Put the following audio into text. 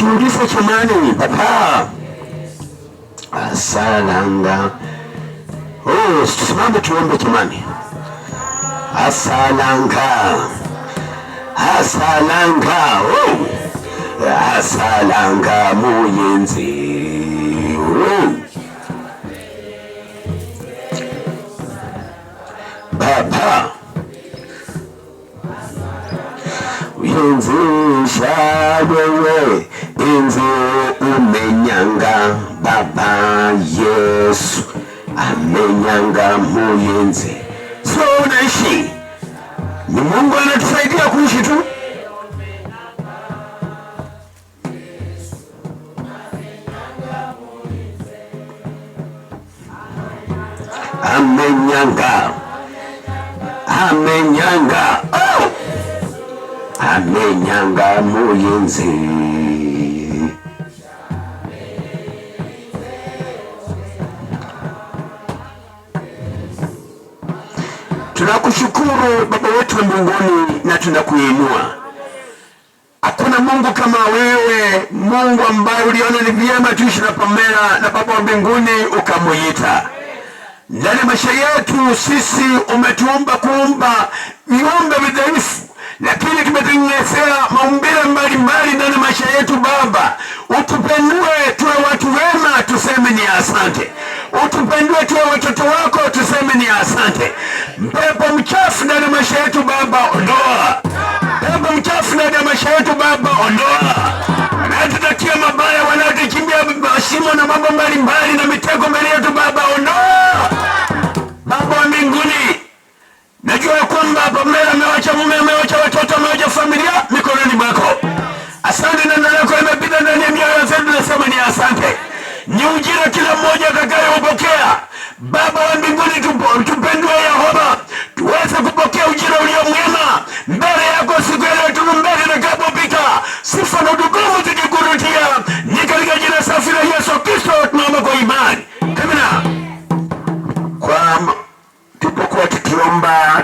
Usirudishe chumani baba. Asalanga. Oh, tusimame tuombe chumani. Asalanga. Asalanga. Oh. Asalanga muyenzi. Oh. Baba. Nizisha wewe, enzi umenyanga, Baba Yesu amenyanga muyinzi Sio unaishi, ni Mungu anatusaidia kuishi tu. Amenyanga, amenyanga amenyanga muyenzi tunakushukuru baba wetu wa mbinguni na tunakuinua hakuna mungu kama wewe mungu ambaye uliona ni vyema tuishi na Pamela na baba wa mbinguni ukamuita ndani ya maisha yetu sisi umetuumba kuumba viumbe umetuletea maumbile mbalimbali ndani ya maisha yetu. Baba, utupendue tuwe watu wema, tuseme ni asante. Utupendue tuwe watoto wako, tuseme ni asante. Mpepo mchafu ndani ya maisha yetu Baba, ondoa. Mpepo mchafu ndani ya maisha yetu Baba, ondoa. Wanaotutakia mabaya, wanaotuchimbia mashimo na mambo mbalimbali na mitego mbele yetu Baba, ondoa. Baba wa mbinguni, najua kwamba can be put into, to Pedro Yahoba.